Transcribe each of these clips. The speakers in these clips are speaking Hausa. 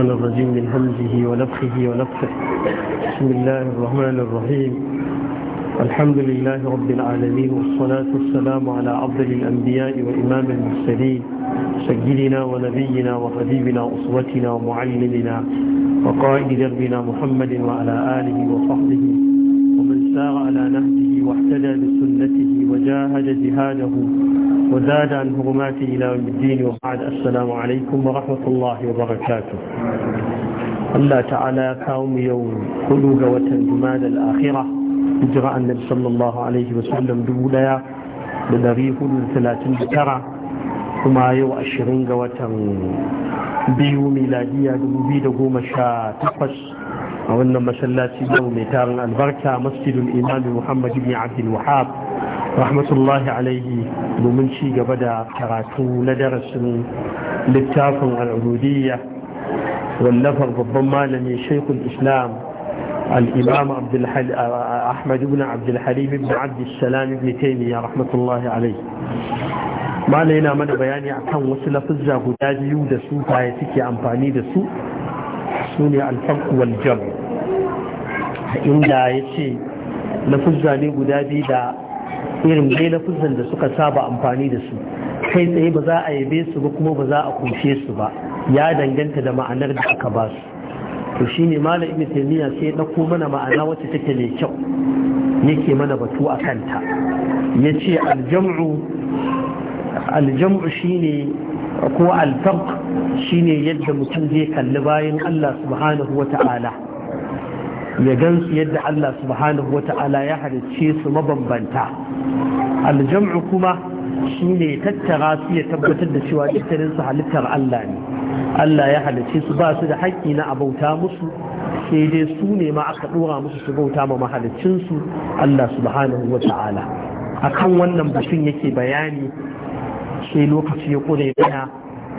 الشيطان الرجيم من همزه ونفخه ونفخه بسم الله الرحمن الرحيم الحمد لله رب العالمين والصلاة والسلام على عبد الأنبياء وإمام المرسلين سيدنا ونبينا وحبيبنا وأسوتنا ومعلمنا وقائد دربنا محمد وعلى آله وصحبه ومن سار على نهجه واحتدى بسنته وجاهد جهاده وزاد عن هرماته إلى يوم الدين وبعد السلام عليكم ورحمة الله وبركاته الله تعالى كاوم يوم خلوق وتنجماد الآخرة إجراء النبي صلى الله عليه وسلم دولا لنريه ثلاثين ترى وما يو أشرين وتن بيو ميلادية دبو بيدو شا تقص a wannan masallaci yau mai taron albarka masjidul imami muhammad bin abdul wahab rahmatullahi alaihi domin ci gaba da karatu na darasin littafin al'udiyya wallafar babban malami shaikul islam الإمام عبد الحل... أحمد بن عبد الحليم بن عبد السلام بن تيمية رحمة الله عليه ما لنا من بياني عن وصل فزة هداجي ودسو فايتك أنفاني دسو سوني الفرق والجمع inda ya ce lafuzza ne guda biyu da irin dai lafuzzan da suka saba amfani da su kai tsaye ba za a yabe su ba kuma ba za a kunshe su ba ya danganta da ma'anar da aka ba su to shine malam ibn taymiya sai ya dauko mana ma'ana wacce take mai kyau yake mana batu a kanta yace aljam'u aljam'u shine ko alfarq shine yadda mutum zai kalli bayan Allah subhanahu wata'ala ya gansu yadda Allah subhanahu wa ta'ala ya halicce su mabambanta aljam'u kuma shine tattara su ya tabbatar da cewa dukkanin su halittar Allah ne Allah ya halicce su ba su da haƙƙi na abauta musu sai dai su ne ma aka dora musu su bauta ma mahalicin su Allah subhanahu wa ta'ala akan wannan batun yake bayani sai lokaci ya kure mana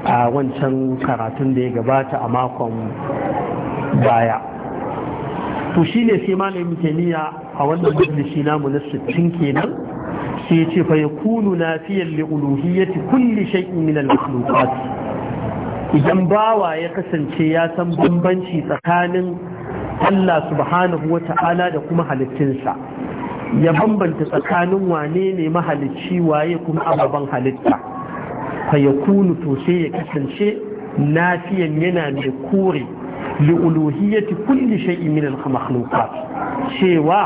a wancan karatun da ya gabata a makon baya to shi ne sai malamin taniya a wannan majalisi namu na sittin kenan sai ce fa ya kunu nafiyan li uluhiyyati kulli shay'in min al makhluqat idan bawa ya kasance ya san bambanci tsakanin Allah subhanahu wata'ala da kuma sa ya bambanta tsakanin wane ne mahalicci waye kuma ababan halitta fa ya kunu to sai ya kasance nafiyan yana mai kore li'uluhiyyati kulli shay'in min al-makhluqat cewa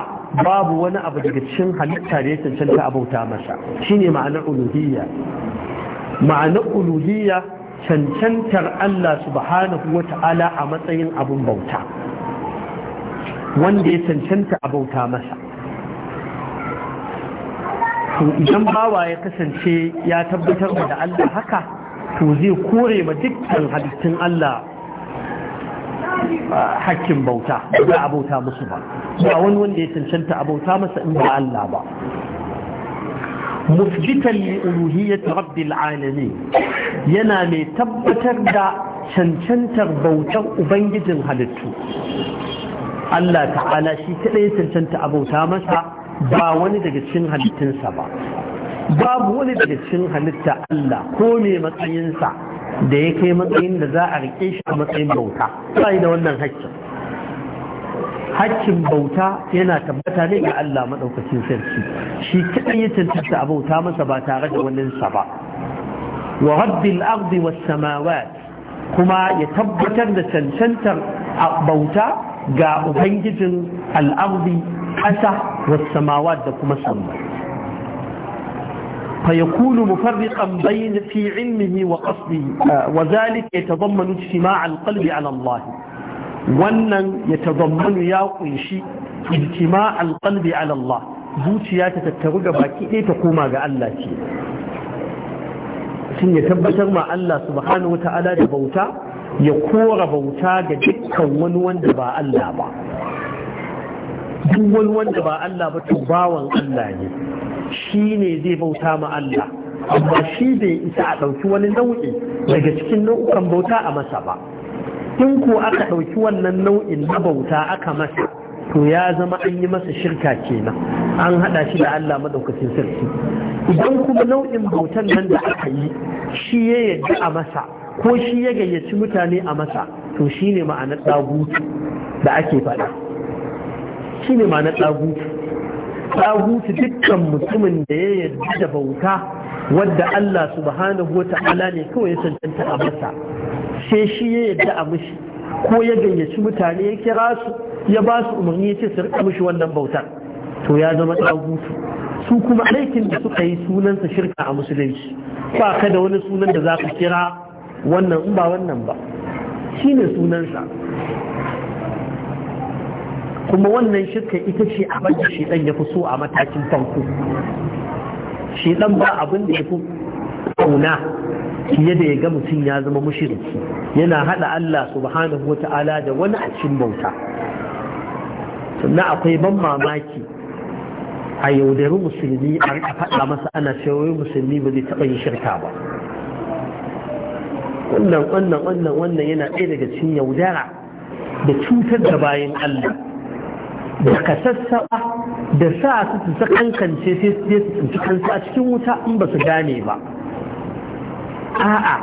babu wani abu daga cikin halitta da ya cancanta abauta masa shine ma'anar uluhiyya ma'anar uluhiyya cancantar Allah subhanahu ta'ala a matsayin abun bauta wanda ya cancanta abauta masa to idan bawa ya kasance ya tabbatar da Allah haka to zai kore ma dukkan halittun Allah hakkin bauta ba a musu ba ba wani wanda ya cancanta a bauta masa in ba Allah ba musbitan li uluhiyyat rabbil alamin yana mai tabbatar da cancantar bautar ubangijin halittu Allah ta'ala shi kadai cancanta a masa ba wani daga cikin halittunsa ba babu wani daga cikin halitta Allah ko mai matsayinsa da ya kai matsayin da za a rike shi a matsayin bauta sai da wannan haccin. hakkin bauta yana tabbata ne ga Allah maɗaukacin sarki shi kaɗan ya cancanta a bauta masa ba tare da sa ba wa rabbil ardi was kuma ya tabbatar da cancantar bauta ga ubangijin al'ardi ƙasa was samawat da kuma sammai فيكون مفرقا بين في علمه وقصده ya يتضمن اجتماع القلب على الله wannan ya tazammanu ya kunshi ijtima alqalbi ala Allah zuciya ta tattaru ga baki ɗaya ta koma ga Allah ce ya tabbatar ma Allah subhanahu da bauta ya kora bauta ga dukkan wani wanda ba Allah ba duk wani wanda ba Allah ba to Allah ne shi ne zai bauta ma Allah amma shi bai isa a ɗauki wani nau'i daga cikin nau'ukan bauta a masa ba in ko aka ɗauki wannan nau'in na bauta aka masa to ya zama an yi masa shirka kenan an haɗa shi da Allah maɗaukacin sarki idan kuma nau'in bautan nan da aka yi shi ya yadda a masa ko shi ya gayyaci mutane a masa to shi ne ma'anar ɗagutu da ake faɗa shi ne ma'anar ɗagutu tsagutu dukkan mutumin da ya yarda da bauta wadda Allah subhanahu wa ta'ala ne kawai ya cancanta a masa sai shi ya yarda a mishi ko ya gayyaci mutane ya kira su ya ba su umarni ya ce su rika mishi wannan bautar to ya zama tsagutu su kuma aikin da suka yi sunansa shirka a musulunci ba ka da wani sunan da za ka kira wannan in ba wannan ba shine sunansa kuma wannan shirka ita ce abin da shedan ya fi so a matakin farko shedan ba abin da ya fi kauna fiye da ya ga mutum ya zama mushiriki yana hada Allah subhanahu Ta'ala da wani a cikin bauta sannan akwai ban mamaki a yaudari musulmi a faɗa masa ana cewa musulmi ba zai taɓa yi shirka ba wannan wannan wannan wannan yana ɗaya daga cikin yaudara da cutar da bayan Allah da ka sassaɓa da sa su su kankance sai su su kansu a cikin wuta in ba su gane ba a'a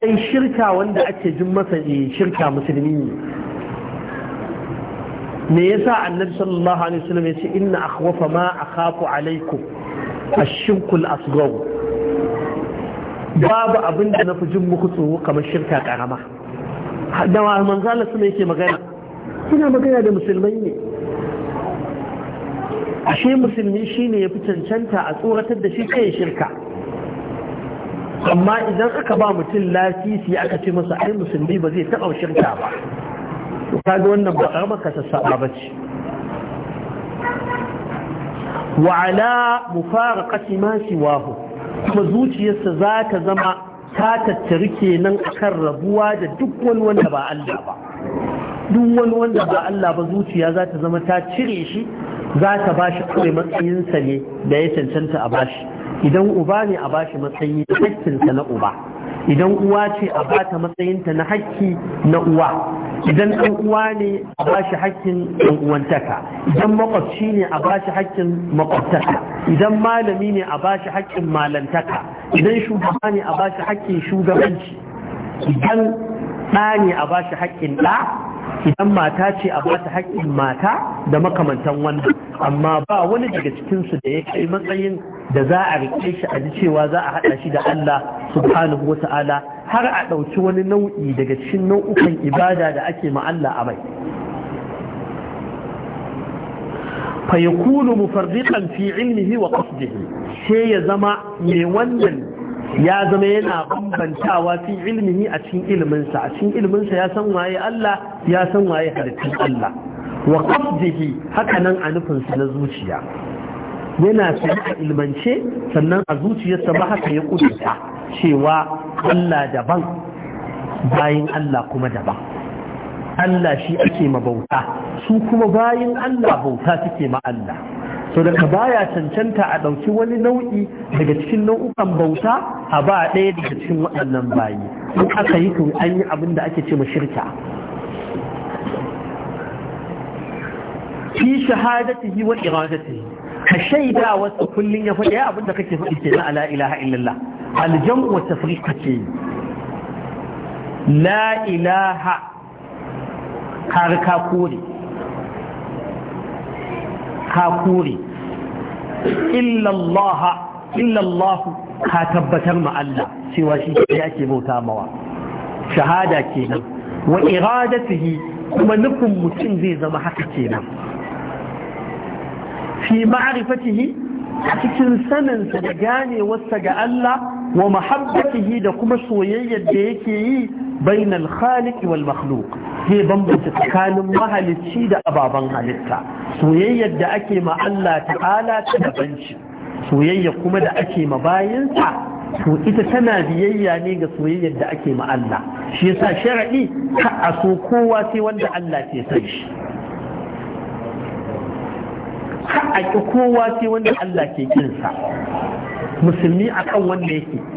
sai shirka wanda ake jin masa eh, shirka musulmi ne me yasa annabi sallallahu alaihi wasallam yace inna akhwafa ma akhafu alaikum ash-shirkul asghar babu abin da nafi jin muku tsoro kamar shirka karama da manzo suna yake magana Suna magana da musulmai ne ashe musulmi shine ya fi cancanta a tsoratar da shi kai shirka amma idan aka ba mutum lafisi aka ce masa ai musulmi ba zai taɓa shirka ba kaga wannan ba karamar ka sassaɓa ba ce wa ala mufaraqati ma siwahu kuma zuciyarsa za ta zama ta tattari kenan akan rabuwa da duk wani wanda ba Allah ba duk wani wanda ba Allah ba zuciya za ta zama ta cire shi za ta ba shi kawai matsayinsa ne da ya cancanta a bashi idan uba ne a bashi matsayi da hakkinsa na uba idan uwa ce a bata matsayinta na haƙƙi na uwa idan ɗan uwa ne a bashi haƙƙin ɗan uwantaka idan makwabci ne a bashi haƙƙin makwabtaka idan malami ne a bashi haƙƙin malantaka idan shugaba ne a bashi haƙƙin shugabanci idan ɗa ne a bashi haƙƙin ɗa idan mata ce a bata haƙƙin mata da makamantan wannan amma ba wani daga cikinsu da ya kai matsayin da za a riƙe shi a ji cewa za a haɗa shi da Allah subhanahu wata'ala har a ɗauki wani nau'i daga cikin nau'ukan ibada da ake ma Allah a mai fa yakunu mufarriqan fi ilmihi wa qasdihi sai ya zama mai wannan ya zama yana bambantawa cikin ilmihi a cikin ilminsa a cikin ilminsa ya san waye Allah ya san waye harfin Allah wa qasdihi haka nan a nufinsa na zuciya yana sani a ilmance sannan a zuciyarsa ba haka ya kudurta cewa Allah daban bayin Allah kuma daban Allah shi ake mabauta su kuma bayin Allah bauta suke ma Allah to daga baya cancanta a ɗauki wani nau'i daga cikin nau'ukan bauta a ba ɗaya daga cikin waɗannan bayi in aka yi to an yi abin da ake ce ma shirka fi shahadatihi wa iradatihi ka shaida wasu kullun ya faɗi abin da kake faɗi kenan ala ilaha illallah aljam'u wa tafriq kake la ilaha har ka kore ka kore illallahu ka tabbatar ma Allah cewa shi ke ake bauta mawa shahada kenan wa iradatihi kuma nufin mutum zai zama haka kenan fi ma'rifatihi a cikin saninsa da ganewarsa ga Allah wa mahabbatihi da kuma soyayyar da yake yi bainal khaliq wal makhluq zai bambanta tsakanin mahalicci da ababen halitta soyayyar da ake ma Allah ta'ala ta dabanci soyayya kuma da ake ma bayansa to ita tana biyayya ne ga soyayyar da ake ma Allah shi yasa sharadi ka a so kowa sai wanda Allah ke san shi ka a kowa sai wanda Allah ke kinsa musulmi akan wanda yake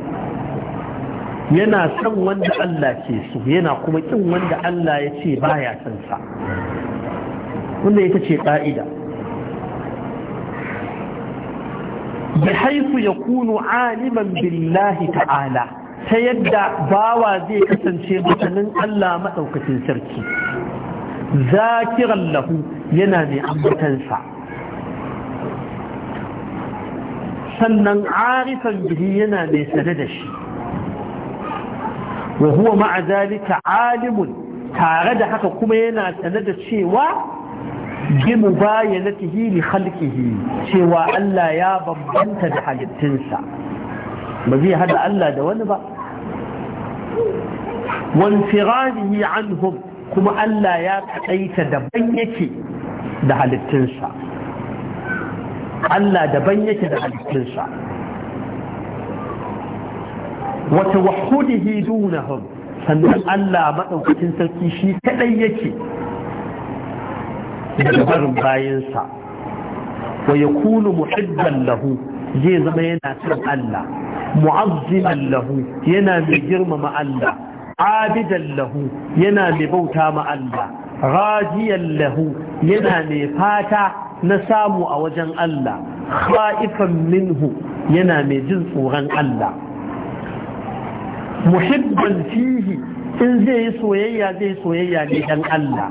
yana son wanda Allah ke so yana kuma kin wanda Allah ya ce baya son sa wanda ita ce ƙa'ida bi haifu ya kunu aliman billahi ta'ala ta yadda bawa zai kasance mutanen Allah maɗaukacin sarki zakiran lahu yana mai ambatansa sannan arifan bihi yana mai sade da shi wa huwa ma'a zalika alimun tare da haka kuma yana sanar da cewa bi mubayanatihi hili khalqihi cewa Allah ya bambanta da halittinsa ba zai hada Allah da wani ba wanfiradihi anhum kuma Allah ya kadaita daban yake da halittinsa Allah daban yake da halittunsa. wata wahudihi dunahum sannan Allah maɗaukacin sarki shi kaɗai yake daga barin bayansa wa ya kunu muhibban lahu zai zama yana son Allah mu'azziman lahu yana mai girmama Allah abidan lahu yana mai bauta ma Allah rajiyan lahu yana mai fata na samu a wajen Allah kha'ifan minhu yana mai jin tsoron Allah muhibban fihi in zai yi soyayya zai soyayya ne dan Allah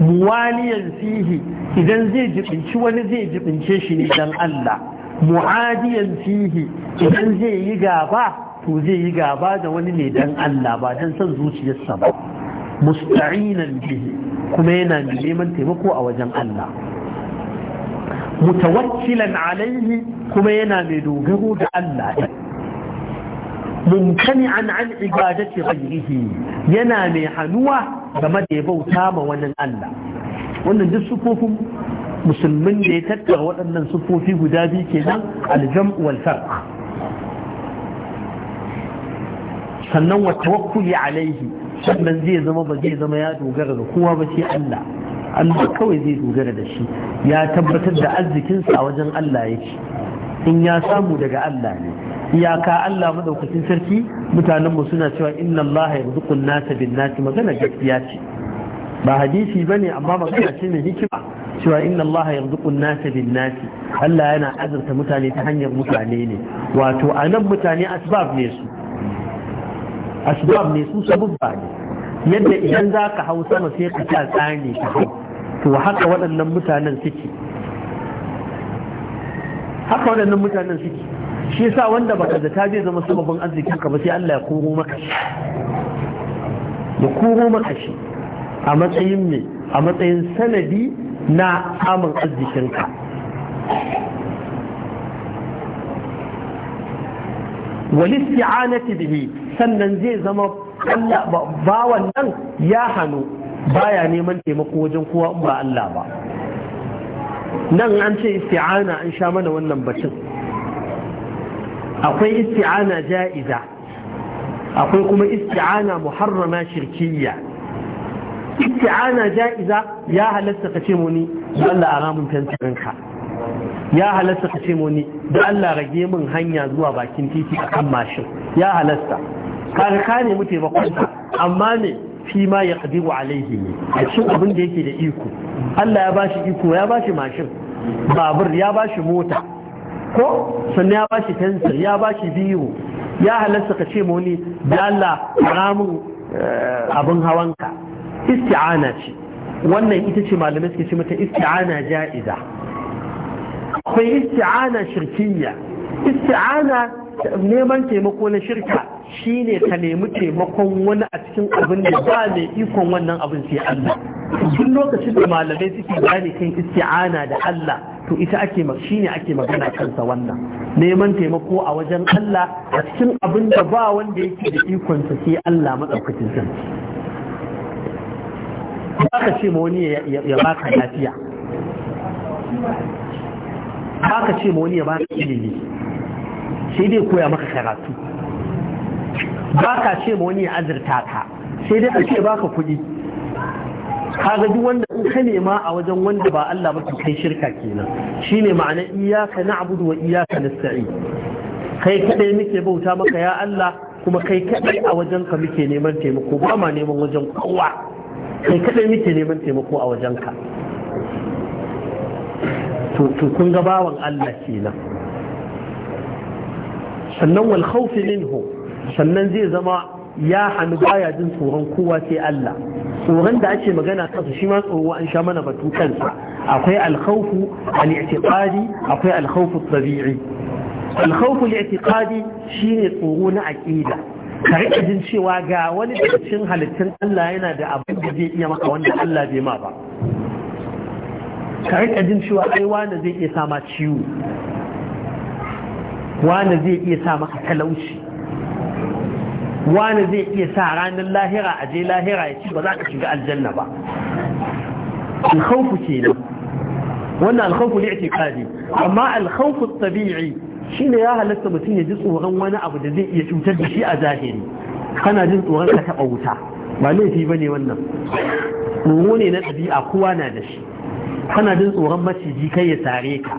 muwaliyan fihi idan zai jibinci wani zai jibince shi ne dan Allah mu'adiyan fihi idan zai yi gaba to zai yi gaba da wani ne dan Allah ba dan son zuciyarsa ba musta'inan bihi kuma yana neman taimako a wajen Allah mutawakkilan alaihi kuma yana mai dogaro da Allah mumkani an ibadati ghayrihi yana mai hanuwa game da ya bauta ma wannan Allah wannan duk sufofin musulmin da ya tattara waɗannan sufofi guda biyu kenan aljam wal farq sannan wa tawakkuli alaihi sannan zai zama ba zai zama ya dogara da kowa ba sai Allah Allah kawai zai dogara da shi ya tabbatar da arzikinsa a wajen Allah yake in ya samu daga Allah ne iyaka Allah madaukakin sarki mutanen mu suna cewa inna Allah yarzuqun nasa bin nasi magana gaskiya ce ba hadisi bane amma magana ce mai hikima cewa inna Allah yarzuqun nasa bin nasi Allah yana azurta mutane ta hanyar mutane ne wato anan mutane asbab ne su asbab ne su sabubba ne yadda idan za ka hau sama sai ka sa tsani ka hau to haka waɗannan mutanen suke haka waɗannan mutanen suke shi yasa wanda baka zata zai zama sababin arzikin ka ba sai Allah ya kuro maka shi ya kuro maka shi a matsayin me a matsayin sanadi na amin arzikin ka walisti'anati bihi sannan zai zama Allah bawan nan ya hanu baya neman taimako wajen kowa in ba Allah ba nan an ce isti'ana an sha mana wannan batun akwai isti'ana ja'iza akwai kuma isti'ana muharrama shirkiyya isti'ana ja'iza ya halatta ka ce muni da Allah a ramin ya halatta ka ce muni da Allah rage min hanya zuwa bakin titi akan kan mashin ya halatta kaga ka nemi ka amma ne fi ma ya kadiru alaihi ne a cikin abin da yake da iko Allah ya bashi iko ya bashi mashin babur ya bashi mota ko sannan ya bashi fensir ya bashi biyu ya halasta ka ce ma wani da Allah ramin eh, abin hawanka isti'ana ce wannan ita ce malamai suke ce mata isti'ana ja'iza akwai isti'ana shirkiyya isti'ana neman taimako na shirka shine ka nemi taimakon wani a cikin abin da ba mai ikon wannan abin sai Allah duk lokacin da malamai suke gane kan isti'ana da Allah to ita ake shi ne ake magana kansa wannan neman taimako a wajen Allah a cikin abin da ba wanda yake da ikonsa sai Allah madaukakin sa ba ka ce ma wani ya baka lafiya ba ka ce ma wani ya baka ilimi sai dai koya maka karatu ba ka ce ma wani ya azurta ka sai dai ake ce baka kuɗi kaga duk wanda in ka nema a wajen wanda ba Allah ba kai shirka kenan shine ma'ana iyyaka na'budu wa iyyaka nasta'in kai kadai muke bauta maka ya Allah kuma kai kadai a wajen ka muke neman taimako ba ma neman wajen kowa kai kadai muke neman taimako a wajen ka to to kun ga bawan Allah kenan sannan wal khawfi minhu sannan zai zama ya hannu baya jin tsoron kowa sai Allah tsoron da ake magana kansa shi ma tsoro an sha mana batu kansa akwai alkhawfu al-i'tiqadi akwai alkhawfu tabi'i alkhawfu al-i'tiqadi shine tsoro na aqida ka rika jin cewa ga wani daga cikin halittun Allah yana da abin da zai iya maka wanda Allah bai ma ba ka rika jin cewa ai wani zai iya sa ma ciwo wani zai iya sa maka talauci wani zai iya sa ranar lahira a je lahira ya ci ba za ka shiga aljanna ba alkhawfu kenan wannan alkhawfu ne ake kare. amma alkhawfu tabi'i shine ya halatta mutum ya ji tsoron wani abu da zai iya cutar da shi a zahiri kana jin tsoron ka taɓa wuta ba laifi ne wannan tsoro ne na ɗabi'a kowa na da shi kana jin tsoron maciji kai ya sare ka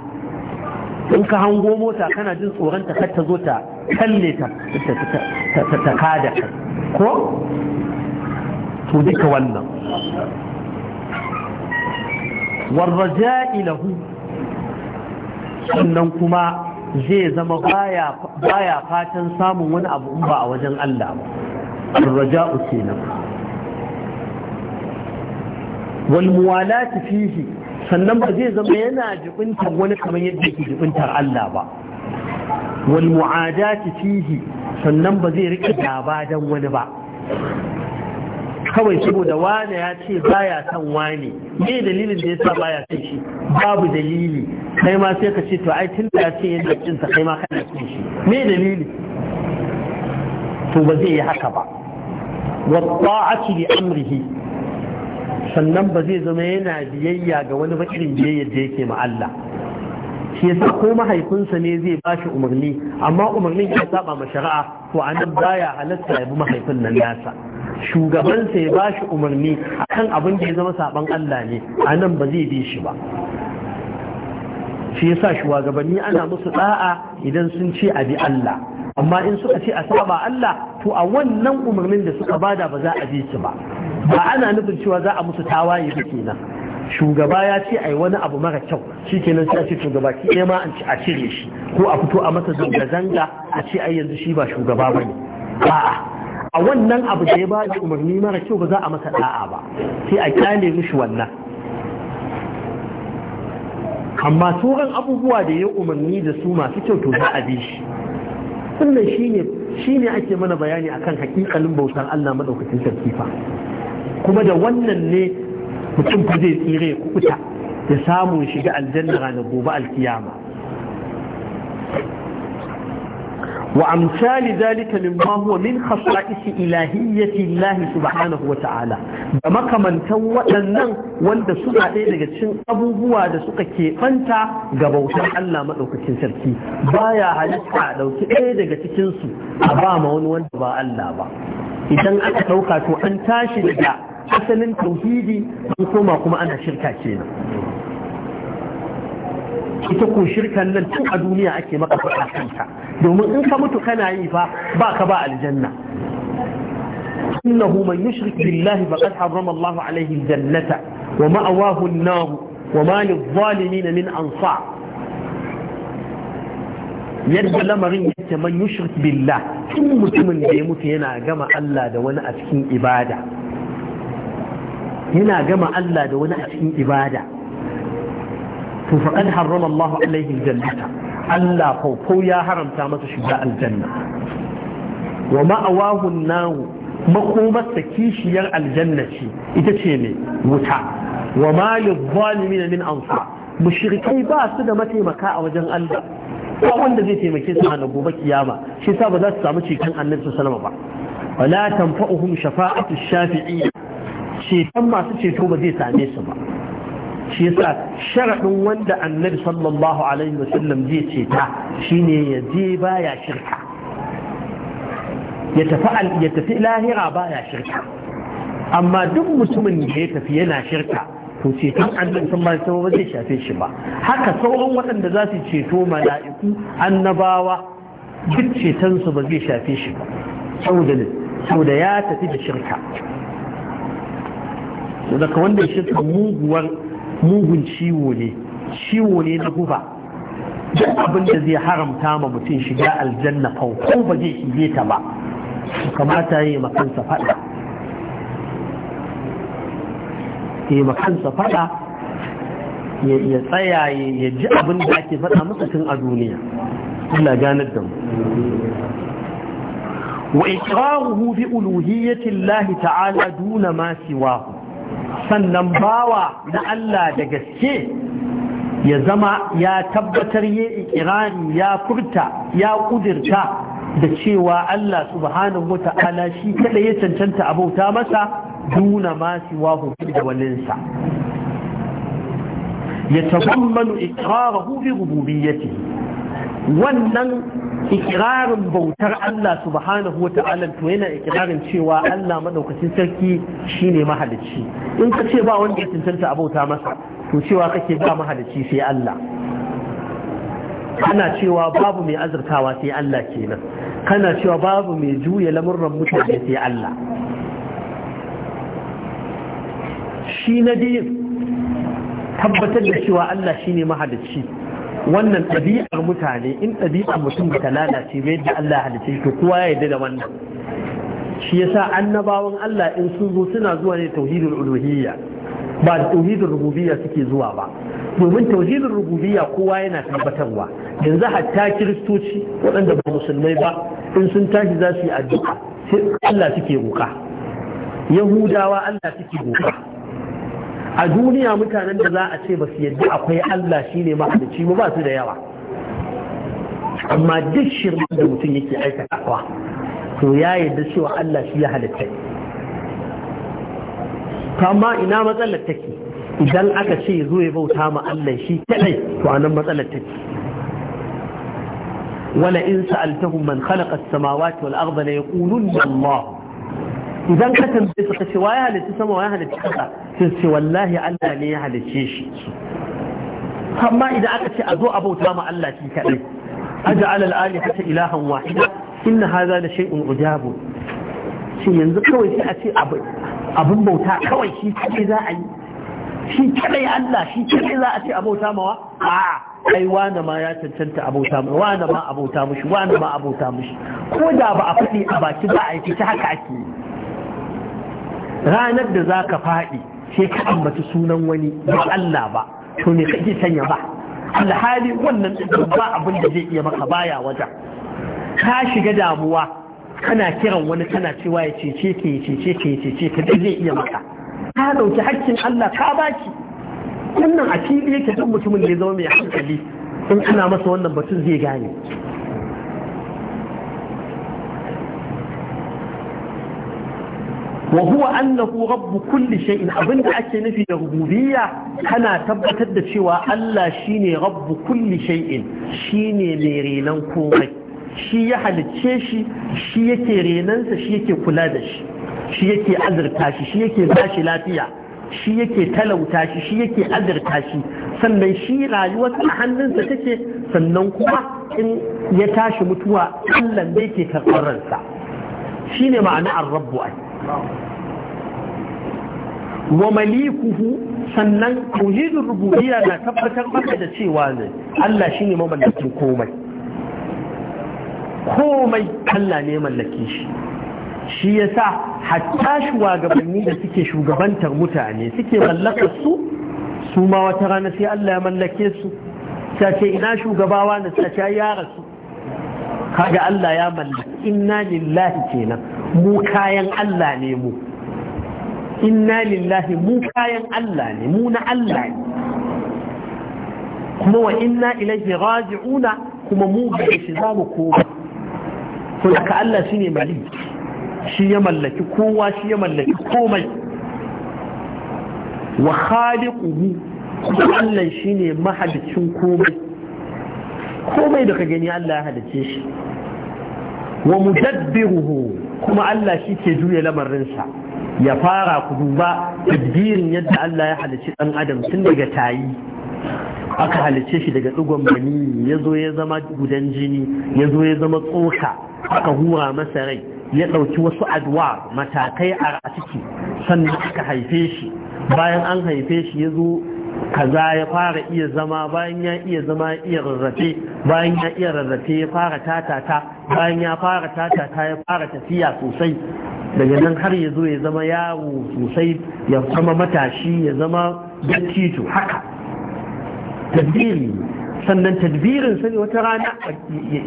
in ka hango mota kana jin tsoron ta ta zo ta kalle ta ta kada ko to duka wannan Warra lahu sannan kuma zai zama baya fatan samun wani abu in ba a wajen Allah ba ja'u kenan wal muwalati fihi sannan ba zai zama yana jibintar wani kamar yadda yake jibintar Allah ba wal mu'adati fihi sannan ba zai rike gaba dan wani ba kawai saboda wani ya ce baya son wani. me dalilin da yasa baya son shi babu dalili kai ma sai ka ce to ai tun ya ce yadda kin sa kai ma kana son shi me dalili to ba zai yi haka ba wa ta'ati li amrihi sannan ba zai zama yana biyayya ga wani ba irin biyayyar da yake ma Allah shi yasa ko mahaifinsa ne zai ba shi umarni amma umarnin ya saba ma shari'a to anan baya halatta ya bi mahaifin nan nasa shugabansa ya ba shi umarni akan abin da ya zama saban Allah ne anan ba zai bi shi ba shi yasa shugabanni ana musu da'a idan sun ce a bi Allah amma in suka ce a saba Allah to a wannan umarnin da suka bada ba za a bi shi ba ba ana nufin cewa za a musu tawaye ba kenan shugaba ya ce ai wani abu mara kyau shi kenan sai a ce shugaba ki ma a cire shi ko a fito a masa zanga-zanga a ce ai yanzu shi ba shugaba ba ne a'a a wannan abu da ya ba da umarni mara kyau ba za a masa da'a ba sai a kyale mishi wannan amma sauran abubuwa da ya umarni da su masu kyau to za a bi shi wannan shine ne ake mana bayani akan hakikalin bautar Allah madaukakin sarki fa kuma da wannan ne mutum ku zai tsire ya ya samu shiga aljanna ranar gobe alkiyama wa amsali zalika ma huwa min khasa'is ilahiyyati Allah subhanahu wa ta'ala da makamantan waɗannan wanda suna ɗaya daga cikin abubuwa da suka keɓanta ga bautar Allah maɗaukacin sarki baya halitta a ɗauki ɗaya daga cikin su a ba ma wani wanda ba Allah ba idan aka ɗauka to an tashi daga asalin tauhidi an koma kuma ana shirka kenan ita ko shirkan nan tun a duniya ake maka faɗa kanta domin in ka mutu kana yi fa ba ka ba aljanna innahu man yushrik billahi faqad harrama Allahu alaihi jannata. wa ma'awahu an-nar wa ma lidh-dhalimin min ansar yadda lamarin yake man yushrik billah tun mutumin da ya mutu yana gama Allah da wani a cikin ibada yana gama Allah da wani a cikin ibada to faqad harrama Allah alaihi aljannata Allah kawkau ya haramta masa shiga aljanna wa ma'awahu an-nahu makomarsa kishiyar aljanna ce ita ce ne wuta wa ma lidh-dhalimin min ansar mushrikai ba su da mataimaka a wajen Allah ba wanda zai taimake su a gobe kiyama shi sa ba za su samu cikin annabi sallallahu alaihi wasallam ba wala tanfa'uhum shafa'atu shafi'i ceton masu ceto ba zai same su ba shi yasa sharaɗin wanda annabi sallallahu alaihi wasallam zai ceta shine ya je baya shirka ya tafi ya tafi lahira baya shirka amma duk mutumin da ya tafi yana shirka to ceton annabi sallallahu alaihi wasallam zai shafe shi ba haka sauran waɗanda za su ceto mala'iku annabawa duk cetonsu ba zai shafe shi ba saboda saboda ya tafi da shirka to daga wanda ya shirka muguwar mugun ciwo ne ciwo ne na guba duk abin da zai haramta ma mutum shiga aljanna fau ko ba zai shige ta ba kamata ya yi makansa fada ya yi makansa fada ya tsaya ya ji abin da ake faɗa masa tun a duniya Allah ganar da mu wa ikraruhu fi uluhiyyati Allah ta'ala duna ma siwahu sannan bawa na Allah da gaske ya zama ya tabbatar ya ikirani ya furta ya kudirta da cewa Allah subhanahu wa ta'ala shi kada ya cancanta abauta masa duna masu siwa da walinsa ya tazammanu iqrarahu bi rububiyyatihi wannan ikirarin bautar Allah subhanahu wa ta'ala to yana ikirarin cewa Allah madaukakin sarki shine mahalicci in ka ce ba wanda ya cancanta a bauta masa to cewa kake ba mahalicci sai Allah kana cewa babu mai azurtawa sai Allah kenan kana cewa babu mai juya lamurran mutane sai Allah shi na tabbatar da cewa Allah shine mahalicci wannan ɗabi'ar mutane in ɗabi'ar mutum ba ta lalace ba yadda Allah halitta to kowa ya yarda da wannan shi yasa annabawan Allah in sun zo suna zuwa ne tauhidul uluhiyya ba da tauhidul rububiyya suke zuwa ba domin tauhidul rububiyya kowa yana tabbatarwa yanzu hatta kiristoci waɗanda ba musulmai ba in sun tashi za su yi addu'a sai Allah suke roƙa yahudawa Allah suke roƙa a duniya mutanen da za a ce ba su yadda akwai Allah shi ne mahalicci ba ba su da yawa amma duk shirin da mutum yake aikatawa to ya yadda cewa Allah shi ya halitta amma ina matsalar take idan aka ce zo ya bauta ma Allah shi kadai to anan matsalar take wala in sa'altahum man khalaqa as-samawati wal arda la yaqulunna Allah idan ka tambaye su ka ce waye halitta sama waye halitta kasa sai ce wallahi Allah ne ya halicce shi amma idan aka ce a zo a bauta ma Allah shi kadai aj'al al-alihata ilahan wahida inna hadha la shay'un ujabu shi yanzu kawai sai a ce abin bauta kawai shi kadai za a yi shi kadai Allah shi kadai za a ce a bauta mawa a'a ai wane ma ya cancanta abota mu wane ma abota mushi wane ma abota mushi ko da ba a faɗi a baki za a yi fita haka ake yi ranar da za ka faɗi sai ka ambaci sunan wani ba Allah ba to me kake sanya ba alhali wannan ɗin ba abin da zai iya maka baya wajen ka shiga damuwa kana kiran wani kana cewa ya cece ke ya cece ke ya cece ka dai zai iya maka ka ɗauki hakkin Allah ka baki wannan a fili yake duk mutumin da ya zama mai hankali in ana masa wannan batun zai gane wa huwa annahu rabbu kulli shay'in abinda ake nufi da rububiyya kana tabbatar da cewa Allah shine rabbu kulli shay'in shine mai renan komai shi ya halicce shi shi yake renansa shi yake kula da shi shi yake azurta shi shi yake bashi lafiya shi yake talauta shi shi yake azurta shi sannan shi rayuwarsa a hannunsa take sannan kuma in ya tashi mutuwa Allah ne ke karɓar ransa shine ma'ana ar-rabbu ai wa malikuhu sannan tauhidin rububiyya na tabbatar maka da cewa ne Allah shine mamallakin komai komai Allah ne mallake shi shi yasa hatta shugabanni da suke shugabantar mutane suke mallakar su su ma wata rana sai Allah ya mallake su sace ina shugabawa na sace ya rasu kaga Allah ya mallaki inna lillahi kenan mu kayan Allah ne mu inna lillahi mu kayan Allah ne mu na Allah ne kuma wa inna ilaihi raji'una kuma mu ga shi za mu koma to daga Allah shine malik shi ya mallaki kowa shi ya mallaki komai wa khaliquhu kuma Allah shine mahalicin komai komai da ka gani Allah ya halice shi wa mudabbiruhu kuma Allah shi ke juya lamarinsa ya fara ku duba tabbirin yadda Allah ya halicci ɗan adam tun daga tayi aka halicce shi daga ɗigon bani ya zo ya zama gudan jini ya zo ya zama tsoka aka hura masa rai ya ɗauki wasu adwa matakai a ciki sannan aka haife shi bayan an haife shi ya zo kaza ya fara iya zama bayan ya iya zama iya rarrafe bayan ya iya rarrafe ya fara tatata bayan ya fara tatata ya fara tafiya sosai daga nan har ya zo ya zama yawo sosai ya zama matashi ya zama dattijo haka tadbiri sannan tadbirin sani wata rana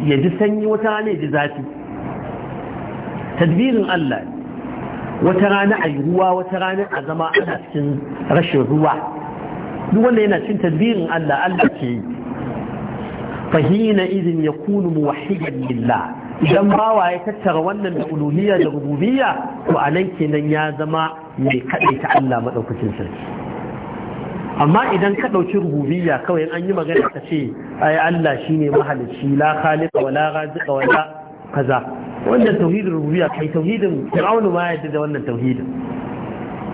ya ji sanyi wata rana ya ji zafi tadbirin Allah wata rana a yi ruwa wata rana a zama ana cikin rashin ruwa duk wanda yana cin tasbihin Allah Allah ke yi fahina idin ya kunu muwahhidan lillah idan bawa ya tattara wannan da uluhiyya da rububiyya to anan kenan ya zama mai ta Allah madaukakin sarki amma idan ka ɗauki rububiyya kawai an yi magana ka ce ai Allah shine mahalicci la khaliqa wala raziqa wala kaza wannan tauhidin rububiyya kai tauhidin fir'aunu ma ya yarda da wannan tauhidin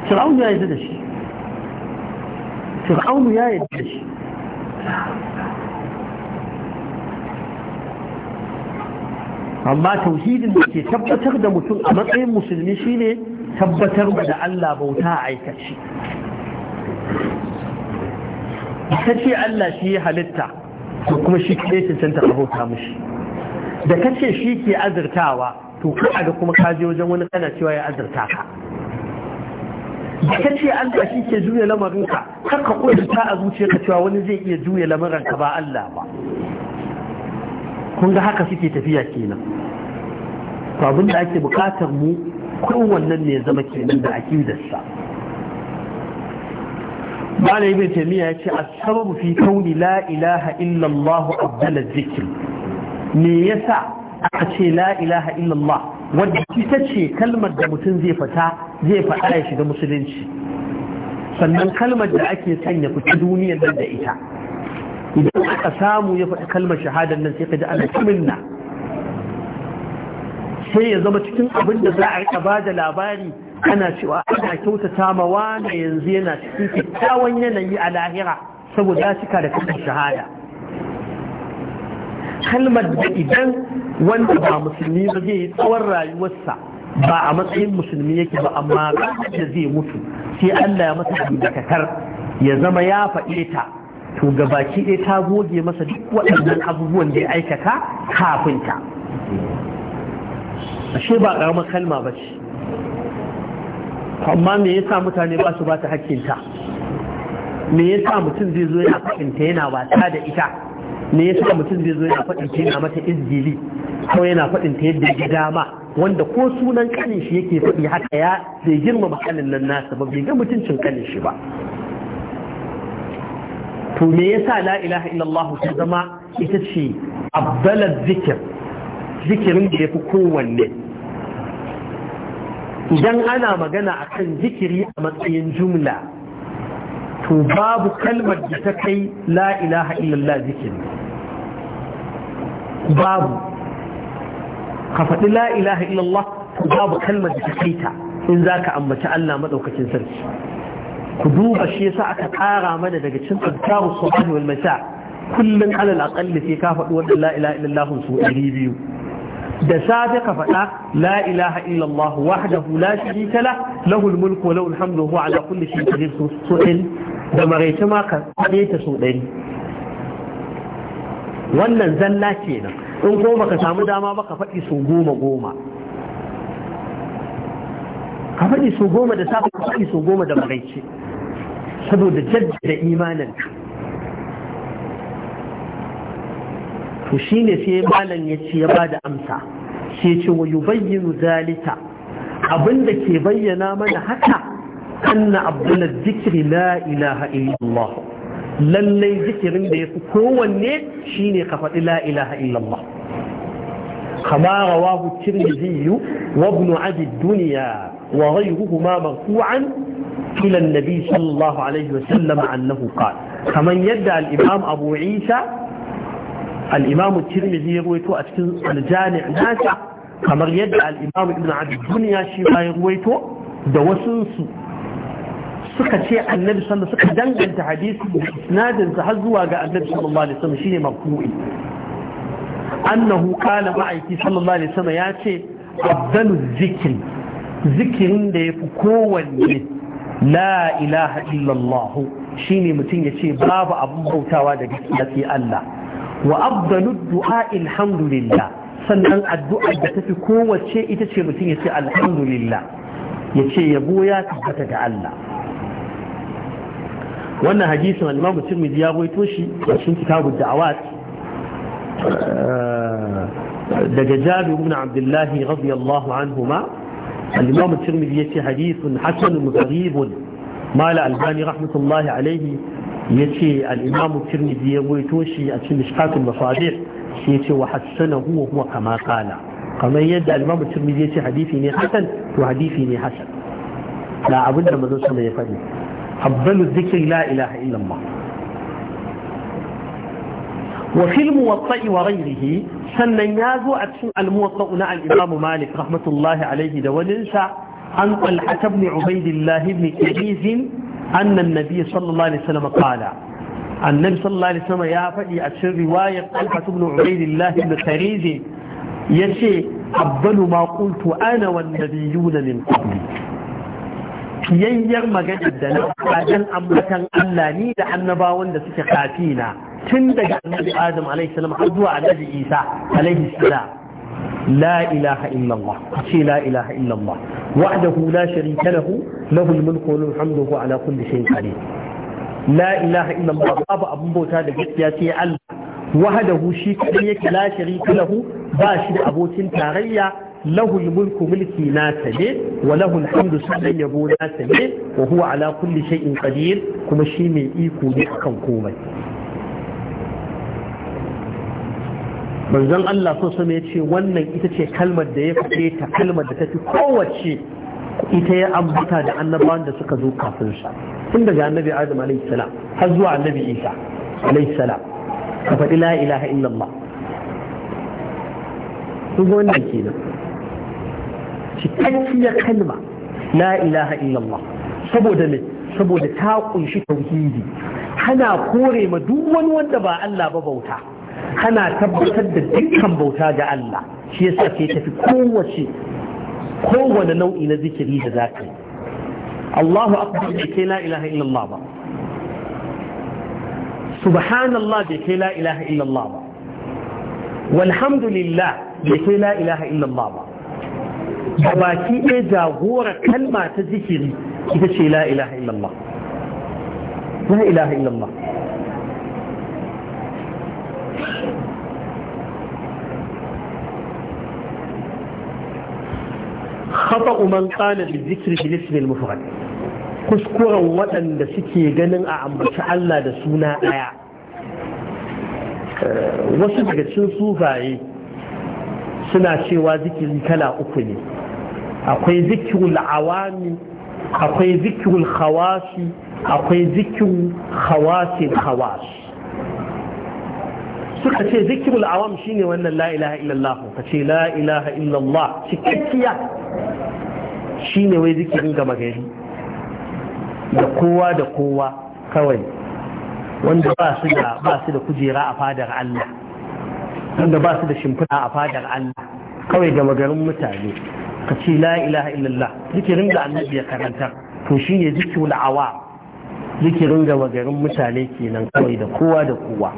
fir'aunu ya yadda da shi fir'aunu ya yadda shi amma tauhidin da ke tabbatar da mutum a matsayin musulmi shine tabbatar da Allah bauta a aikace ka ce Allah shi ya halitta to kuma shi ke cancanta ka bauta mushi da ka ce shi ke azurtawa to ka ga kuma ka je wajen wani kana cewa ya azurta ka da ka ce Allah shi ke juya lamarinka kar ka kudurta a ka cewa wani zai iya juya lamarinka ba Allah ba kun ga haka suke tafiya kenan to abin da ake bukatar mu kowannen ne zama kenan da akidarsa Bala Ibn Taymiyyah ya ce as-sababu fi kauni la ilaha illa Allah abdala zikr me yasa aka ce la ilaha illa Allah wanda ita ce kalmar da mutum zai fata zai faɗa ya shiga musulunci sannan kalmar da ake sanya fita duniyar nan da ita idan aka samu ya faɗi kalmar shahadar nan sai ka ji ana kiminna sai ya zama cikin abin da za a riƙa ba da labari ana cewa ana kyautata ma wani yanzu yana cikin kyakkyawan yanayi a lahira saboda ya cika da kalmar shahada kalmar da idan wanda ba musulmi ba zai yi tsawon rayuwarsa ba a matsayin musulmi yake ba amma da zai mutu sai Allah ya masa dakatar ya zama ya faɗe ta to gabaki ɗaya ta goge masa duk waɗannan abubuwan da ya aikata kafin ta ashe ba ƙaramar kalma ba ce amma me yasa mutane ba su ba ta hakkinta me yasa mutum zai zo ya ta yana wata da ita me yasa mutum zai zo yana faɗin ta yana mata izgili ko yana faɗin ta yadda ya dama wanda ko sunan kanin shi yake faɗi haka ya bai girmama kanin nan nasa ba bai ga mutuncin kanin shi ba to me yasa la ilaha illallah ta zama ita ce abdalar zikir zikirin da ya fi kowanne idan ana magana akan zikiri a matsayin jumla to babu kalmar da ta kai la ilaha illallah zikiri babu ka faɗi la ilaha illallah babu kalmar da ta in za ka ambaci Allah maɗaukacin sarki ku duba shi sa aka ƙara mana daga cin tsarkaru sabahi wal masa kullum alal aqalli sai ka faɗi wannan la ilaha su ɗari biyu da safe ka faɗa la ilaha illallah wahdahu la sharika lah lahul mulku lahul hamdu huwa ala kulli shay'in qadir su da maraice ma ka faɗe ta su ɗari wannan zalla kenan in ko baka samu dama ba ka faɗi su goma goma ka faɗi su goma da safe ka faɗi su goma da maraice saboda jaddada imanin to shine sai malam ya ce ya bada amsa sai ce wa yubayyinu zalika abinda ke bayyana mana haka anna abdul zikri la ilaha illallah lallai zikirin da ya fi kowanne shine ka faɗi la ilaha illallah kama rawahu tirmidhi wa ibn abi dunya wa ghayruhuma marfu'an ila an-nabi sallallahu alaihi wa sallam annahu qala kaman yadda al-imam abu isa al-imam tirmidhi ya ruwaito a cikin al-jami' nasa kamar yadda al-imam ibn abi dunya shi ya ruwaito da su. suka ce annabi sallallahu suka danganta hadisi da sa har zuwa ga annabi sallallahu alaihi wasallam shine mafhumi annahu kana ma'aiki sallallahu alaihi wasallam ya ce afdalu zikri zikirin da yafi kowanne la ilaha illallah shine mutum ya ce babu abun bautawa da gaskiya Allah wa afdalu du'a alhamdulillah sannan addu'a da tafi kowace ita ce mutum ya ce alhamdulillah ya ce yabo ya tabbata da Allah wannan hadisin al-Imam Tirmidhi ya goyito shi a cikin kitabu da'awat daga Jabir ibn Abdullah radiyallahu anhuma al-Imam Tirmidhi yace hadisin hasan gharib mala albani rahmatullahi alayhi yace al-Imam Tirmidhi ya goyito shi a cikin Mishkatul Masadih shi yace wa hasanahu wa huwa kama qala kamar yadda al-Imam Tirmidhi yace hadisi ne hasan to hadisi ne hasan da abinda manzon sallallahu alaihi wasallam ya faɗi afdalu dhikri la ilaha illallah wa fil muwatta'i wa sannan ya zo a cikin al-muwatta na al-imam malik rahmatullahi alaihi da walinsa an talha ibn ubaidillah ibn qabiz anna an-nabiy sallallahu alaihi wasallam qala annabi sallallahu alaihi wasallam ya faɗi a cikin riwayar talha ibn ubaidillah ibn qabiz yace abbalu ma qultu ana wan nabiyuna min qabli fiyayyar magana da na fadan ambatan Allah ni da annabawan da suke kafina tun daga annabi Adam alaihi salam har zuwa annabi Isa alaihi salam la ilaha illallah ce la ilaha illallah wahdahu la sharika lahu lahul mulku wa lahul hamdu wa ala kulli shay'in qadir la ilaha illallah babu abun bauta da gaskiya sai Allah wahdahu shi kadai yake la sharika lahu ba shi da abokin tarayya lahul mulku mulki nasa ne wa lahul hamdu sannan yabo nasa ne wa huwa ala kulli shay'in qadir kuma shi mai iko ne akan komai manzon Allah so sama ce wannan ita ce kalmar da ya faɗe ta kalmar da ta tafi kowace ita ya ambata da annabawan da suka zo kafin sa tun daga annabi Adam alaihi salam har zuwa annabi Isa alayhi salam ka faɗi la ilaha illallah kun ga wannan kenan cikakkiyar kalma la ilaha illallah saboda me saboda ta kunshi tauhidi hana kore ma duk wani wanda ba Allah ba bauta hana tabbatar da dukkan bauta ga Allah shi yasa ke tafi kowace kowane nau'i na zikiri da za ka yi Allahu akbar bai kai la ilaha illallah ba subhanallah bai kai la ilaha illallah ba walhamdulillah bai kai la ilaha illallah ba da baki ɗaya jagora kalma ta zikiri ita ce la ilaha illallah la ilaha illallah خطأ من قال بالذكر بالاسم المفرد kuskuren waɗanda suke ganin a ambaci Allah da suna ɗaya eh, wasu daga cin sufaye suna cewa zikiri kala uku ne akwai zikirul awami akwai zikirul khawasi akwai zikirul khawasin khawas suka ce zikirul awam shine wannan la ilaha illallah ka ce la ilaha illallah cikakkiya shine wai zikirin gama gari da kowa da kowa kawai wanda ba su da kujera a fadar Allah wanda ba su da shimfiɗa a fadar Allah kawai gama garin mutane ka ce la ilaha illallah zikirin da annabi ya karanta to shine zikirul awa zikirin gama garin mutane kenan kawai da kowa da kowa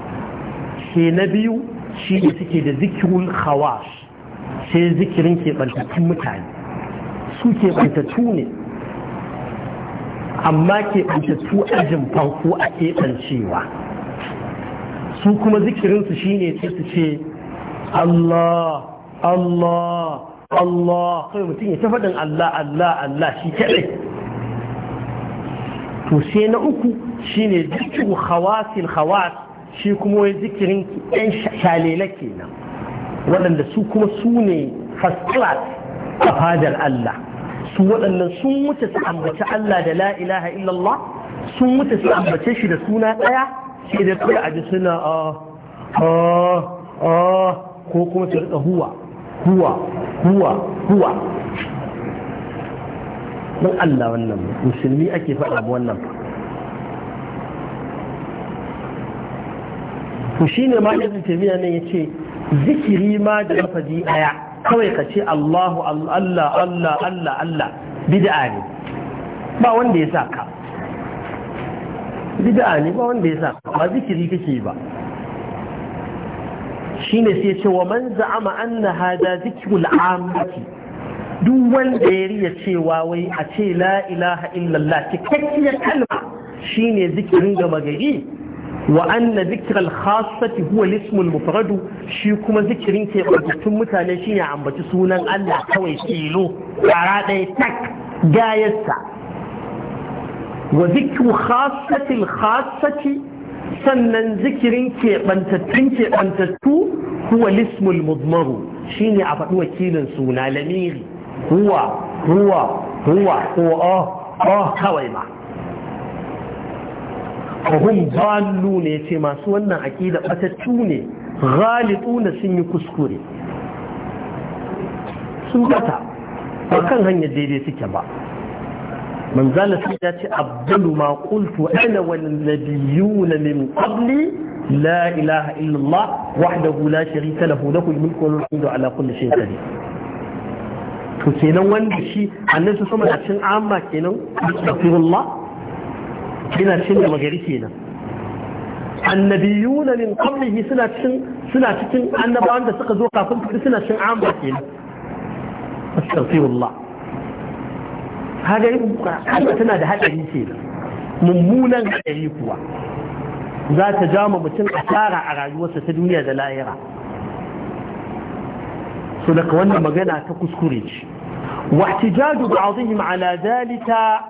ke na biyu shi ne suke da zikirin khawash sai zikirin keɓantattun mutane su keɓantattu ne amma keɓantattu ajin fanko a keɓancewa su kuma zikirinsu shi ne su ce Allah Allah Allah kawai mutum ya ta faɗin Allah Allah Allah shi kaɗai to sai na uku shine zikiru khawasil khawas shi kuma wai zikirin ɗan shalele kenan waɗanda su kuma su ne first a fadar Allah su waɗannan sun wuce su ambaci Allah da la ilaha illallah sun wuce su ambace shi da suna ɗaya sai da kai a ji suna a ah, a ah, ah, ko kuma su rika huwa huwa huwa huwa don Allah wannan musulmi ake faɗa wannan ku shi ne yanzu tafiya ne ya ce zikiri ma da lafazi ɗaya kawai ka ce Allahu Allah Allah Allah Allah bid'a ne ba wanda ya sa ka bid'a ne ba wanda ya sa ba zikiri kake ba Shi ne sai cewa wa man za'ama anna hada zikrul ammati duk wanda ya riya cewa wai a ce la ilaha illallah cikakkiyar kalma shi ne zikirin gama gari wa anna zikral khassati huwa Lismu, mufradu shi kuma zikirin ke barkatun mutane ne ambaci sunan Allah kawai filo. ƙara ɗaya tak gayarsa wa zikru khassatil sannan zikirin keɓantattun keɓantattu huwa lismul mudmaru shine a faɗi wakilin suna lamiri huwa huwa huwa huwa oh kawai ma fahim ballu ne ce masu wannan aƙida ɓatattu ne galitu na sun yi kuskure sun ɓata ba kan hanyar daidai suke ba من قال سيداتي أفضل ما قلت أنا والنبيون من قبلي لا إله إلا الله وحده لا شريك له له الملك والحمد على كل شيء قدير to kenan wanda shi annabi sun sama cin amma kenan astaghfirullah ina cin da magari kenan annabiyuna min qablihi suna cin suna cikin annabawan da suka zo kafin suna cin amma kenan astaghfirullah kaga kalma tana da haɗari ce mummunan haɗari kuwa za ta ja ma mutum asara a rayuwarsa ta duniya da lahira so daga wannan magana ta kuskure ce واحتجاج بعضهم على ta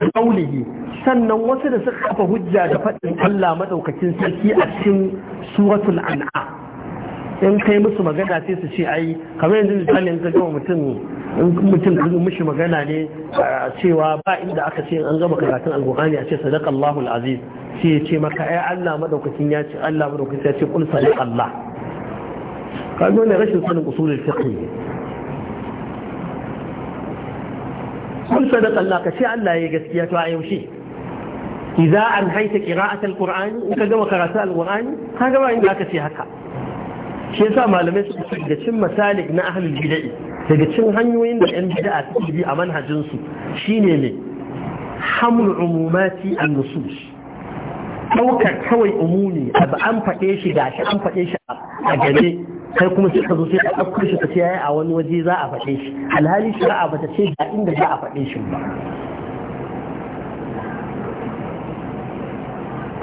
بقوله sannan wasu da suka kafa hujja da faɗin Allah madaukakin sarki a cikin suratul an'am in kai musu magana sai su ce ai kamar yanzu misali yanzu gama mutum in mutum ɗin mishi magana ne a cewa ba inda aka ce an gama karatun alƙur'ani a ce sadaka Allahu aziz sai ya ce maka ai Allah madaukakin ya ce Allah madaukakin ya ce kul sadaka Allah ka ne rashin sanin usulul fiqh ne kul sadaka Allah ka ce Allah ya gaskiya to a yaushe idza an haita qira'atul qur'ani in ka gama karatun alƙur'ani ka gama inda aka ce haka shi yasa malamai su su daga cin misalik na ahlul bid'ah daga cin hanyoyin da yan bid'a suke bi a manhajin su shine ne hamlu umumati an-nusus daukar kawai umumi abu an faɗe shi ga shi an faɗe shi a gare kai kuma sai ka zo sai ka ɗauko shi ka ce a wani waje za a faɗe shi alhali shari'a ba ta ce ga inda za a faɗe shi ba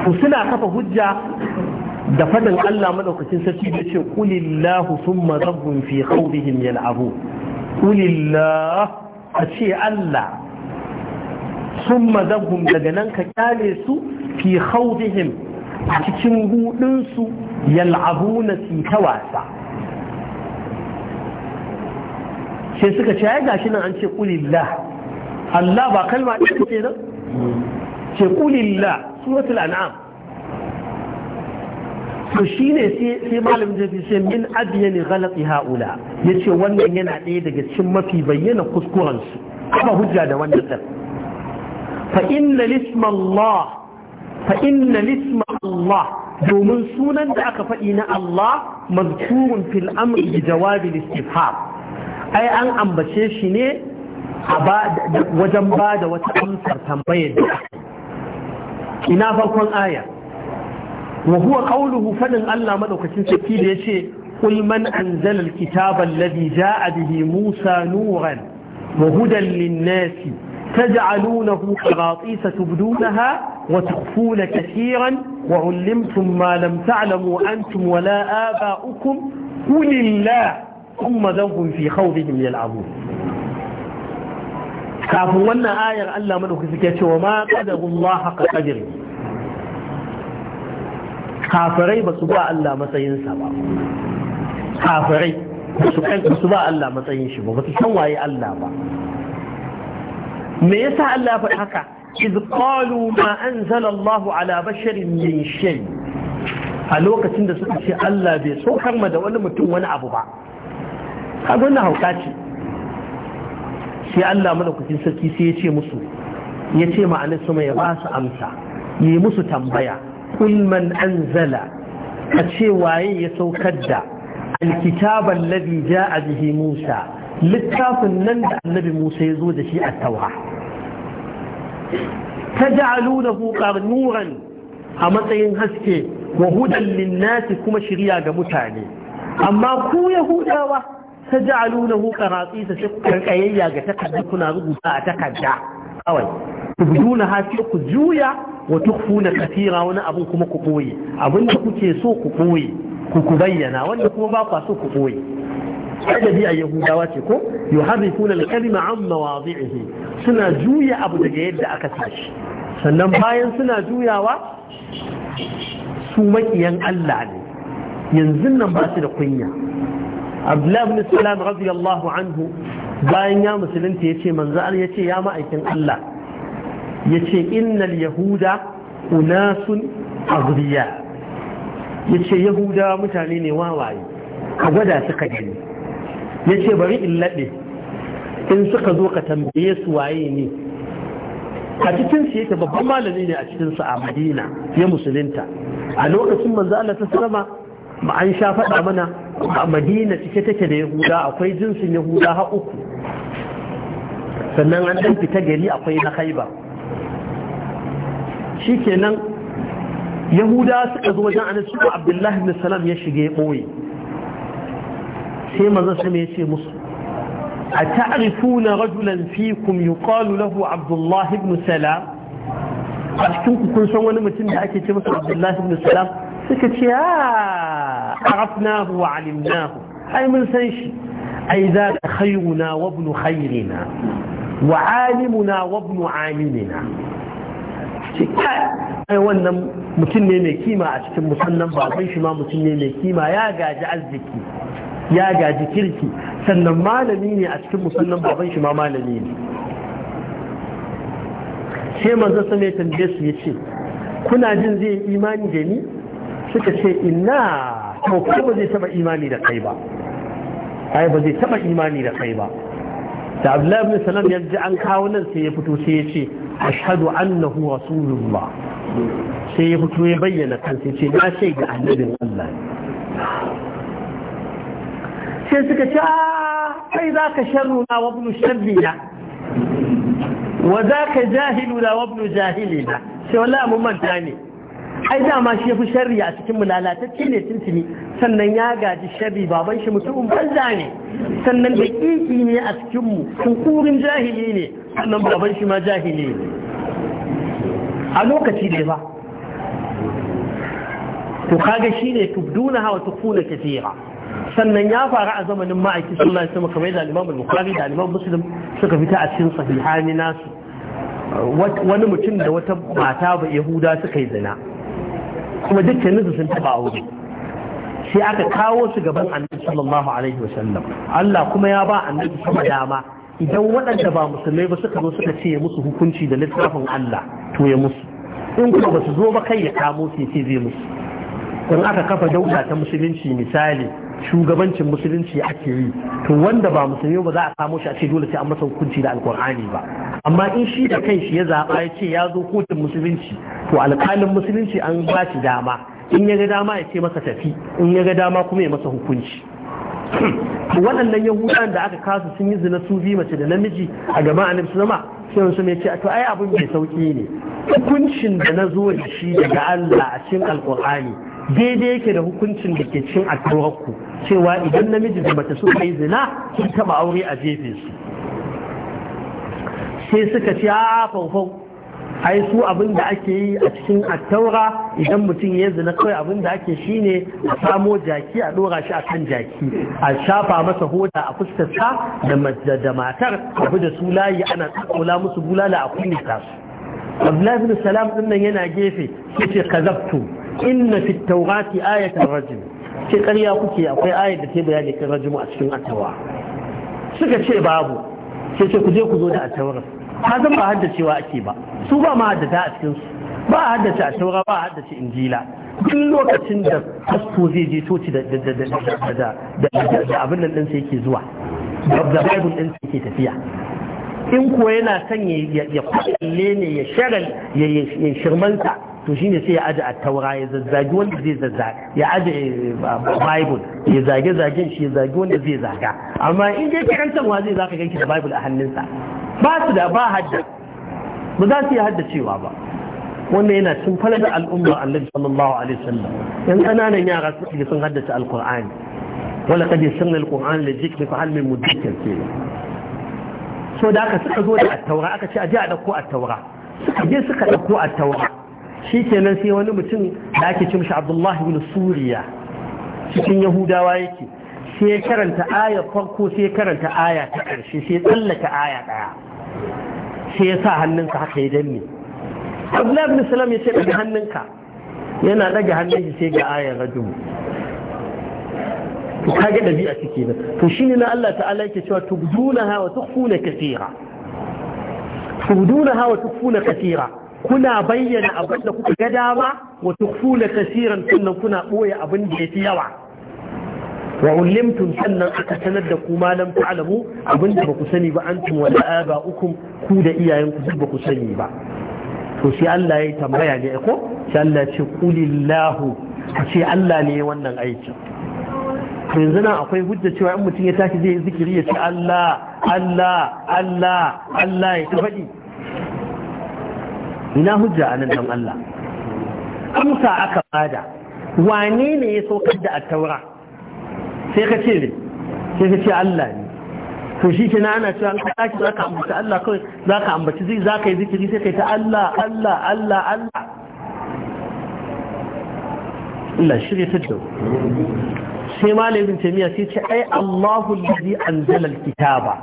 ku suna kafa hujja da fadin Allah madaukakin sarki da ce kulillahu sun rabbun fi khawdihim yal'abu kulillah a ce Allah sun zabhum daga nan ka kyale su fi khawdihim a cikin hudun yal'abu na su ta wasa sai suka ce ya gashi nan an ce kulillah Allah ba kalma ɗaya ce nan mm. ce kulillah suratul an'am to shi ne sai malam jafi sai min adiya ne galati ha'ula ya ce wannan yana ɗaya daga cikin mafi bayyana kuskurensu kuma hujja da wannan ɗan fa inna lisma Allah fa inna lisma Allah domin sunan da aka faɗi na Allah mazkurun fil amri bi jawabi istifham ai an ambace shi ne a wajen ba da wata amsar tambayar da ina farkon aya وهو قوله فلن ألا مدوكتين سكيد يشي قل من أنزل الكتاب الذي جاء به موسى نورا وهدى للناس تجعلونه قراطيس تبدونها وتخفون كثيرا وعلمتم ما لم تعلموا أنتم ولا آباؤكم قل الله ثم ذوهم في خوضهم يلعبون كافوا أن آية ألا مدوكتين سكيد وما قدر الله قدره kafirai ba su ba Allah matsayinsa ba kafirai ba su ba Allah matsayin shi ba ba su san waye Allah ba me yasa Allah faɗi haka iz qalu ma anzala Allahu ala basharin min shay a lokacin da suka ce Allah bai so karma da wani mutum wani abu ba kaga wannan hauka ce sai Allah malaukakin sarki sai ya ce musu ya ce ma'anar sama ya ba su amsa yi musu tambaya kulman Anzala zala a ce waye ya saukar da alkitaban labi ja a jihi musa littafin nan da annabi musa ya zo da shi a tawa ta ja'alu da hukar nuran a matsayin haske wa hudan linnati kuma shirya ga mutane amma ku yahudawa ta ja'alu da huƙa ratsi ta shi kankayayya ga takardar kuna rubuta a takarda kawai tubduna ha ku juya wa tukhfuna kathira wani abun kuma ku koyi abin da kuke so ku koyi ku ku bayyana wanda kuma ba ku so ku koyi adabi a yahudawa ce ko yuharrifuna al an suna juya abu daga yadda aka tashi sannan bayan suna juyawa su makiyan Allah ne yanzu nan ba su da kunya Abdullahi ibn Salam radiyallahu anhu bayan ya musulunta yace manzo Allah yace ya ma'aikin Allah yace innal yahuda unasun aghriya yace yahuda mutane ne wawaye ka gwada suka gani yace bari in laɓe in suka zo ka tambaye su waye ne a cikin su yake babban malami ne a cikin su a Madina ya musulunta a lokacin manzo Allah ta sallama an sha faɗa mana a Madina cike take da Yahuda akwai jinsin Yahuda ha uku sannan an ɗan fita gari akwai na khaiba shi kenan yahuda suka zo wajen anasu ko abdullahi da salam ya shige boye sai mazan su mai ce musu a ta'arifu na rajulan fikun yi kwalu lahu abdullahi ibn salam a cikin san wani mutum da ake ce masa abdullahi ibn salam suka ce ya ah, arafna hu wa alimna hu ai mun san shi ai za ka khayuna wa ibn khayrina wa alimuna wa ibn ce kai wannan mutum ne mai kima a cikin musannan baban shi ma mutum ne mai kima ya gaji arziki ya gaji kirki sannan malami ne a cikin musannan baban shi ma malami ne sai manzo sama ya tambaye su yace kuna jin zai imani da ni suka ce inna to kai ba zai taba imani da kai ba ai ba zai taba imani da kai ba da Abdullahi ibn Salam ya ji an kawo nan sai ya fito sai ya ce ashhadu annahu rasulullah sai ya fito ya bayyana kansa ce na ce ga annabin Allah sai suka ce ah, kai za ka sharruna wa ibn na, wa za ka jahiluna wa ibn na? sai wallahi mun manta ne ai dama shi ya fi sharri a cikin mu lalatacce ne tuntuni sannan ya gaji sharri baban shi mutumin banza ne sannan da kiki ne a cikin mu kunkurin jahili ne sannan baban shi ma jahili ne a lokaci ne ba to kaga shine tubduna hawa tukuna kathira sannan ya faru a zamanin ma'aiki sallallahu alaihi wasallam kamar da al-Imam al da al Muslim suka fita a cikin sahihani nasu wani mutum da wata mata ba Yahuda suka yi zina kuma dukkanin su sun taba aure sai aka kawo su gaban Annabi sallallahu alaihi wasallam Allah kuma ya ba Annabi sama dama idan waɗanda ba musulmai ba suka zo suka ce ya musu hukunci da littafin Allah to ya musu in kuma ba su zo ba kai ya kamo su ce zai musu in aka kafa dauka ta musulunci misali shugabancin musulunci ake yi to wanda ba musulmi ba za a kamo shi a ce dole sai an masa hukunci da alkur'ani ba amma in shi da kai shi ya zaba ya ce ya zo kotun musulunci to alƙalin musulunci an ba shi dama in ya ga dama ya ce masa tafi in ya ga dama kuma ya masa hukunci waɗannan yahudan da aka kasu sun yi zina su biyu mace da namiji a gaba annabi zama sai wasu mai ce to ai abin mai sauki ne hukuncin da na zo da shi daga Allah a cikin alkur'ani daidai yake da hukuncin da ke cikin turakku cewa idan namiji da mace su yi zina sun taɓa aure a jefe su sai suka ce a fanfan ai su abin da ake yi a cikin attaura idan mutum ya zina kawai abin da ake shi ne a samo jaki a dora shi a kan jaki a shafa masa hoda a fuskarsa da da matar abu da su layi ana tsakola musu bulala a kunne ta su abdullahi bin salam din nan yana gefe yace kazabtu inna fi tawrati ayatan rajul ce ƙarya kuke akwai ayat da ta bayani kan rajul a cikin attaura suka ce babu sai ce ku je ku zo da attaura. hazan ba haddacewa ake ba su ba ma haddata a cikin su ba haddace a shaura ba haddace injila duk lokacin da kasko zai je coci da abin nan sai yake zuwa da bible ɗinsa yake tafiya in ko yana son ya kulle ne ya shagal ya shirmanta to shine sai ya aje a taura ya zazzagi wanda zai zazza ya aje bible ya zage zagen shi ya zage wanda zai zaga amma in dai karantarwa zai zaka ganki da bible a hannunsa ba su da ba hadda ba za su yi haddacewa ba wannan yana cin falar al'ummar annabi sallallahu alaihi wasallam yan kananan yara su ke sun haddace alqur'ani wala kad yasanna alqur'an li dhikri fa hal min mudakkir so da aka suka zo da attaura aka ce a je a dauko attaura suka je suka dauko attaura shikenan sai wani mutum da ake cin shi Abdullah ibn Suriya cikin Yahudawa yake sai karanta aya farko sai ya karanta aya ta ƙarshe sai ya tsallaka aya ɗaya sai ya sa hannunsa haka ya danne abdullahi ibn salam ya ce daga hannunka yana daga hannunsa sai ga ayar rajul to kage dabi'a take nan. to shine na Allah ta'ala yake cewa tubdunaha wa tukhfuna kaseera tubdunaha wa tukhfuna kaseera kuna bayyana abin da kuka ga dama wa tukhfuna kaseeran sannan kuna boye abin da yafi yawa wa ulimtum sannan aka sanar da ku malam lam ta'lamu abinda ba ku sani ba antum wala aba'ukum ku da iyayenku duk ba ku sani ba to sai Allah ya tambaya ne ko sai Allah ya ce qulillahu ce Allah ne wannan aikin yanzu nan akwai hujja cewa in mutum ya tashi zai yi zikiri ya ce Allah Allah Allah Allah ya ta faɗi ina hujja a nan dan Allah amsa aka bada wane ne ya saukar da attaura sai ka ce ne sai ka ce Allah ne to shi ke ana cewa an ka tashi za ka ambaci Allah kawai za ka ambaci zai za ka yi zikiri sai ka yi ta Allah Allah Allah Allah Allah shirya ta da sai malamin taimiyya sai ce ai Allahu lalzi an zalal kitaba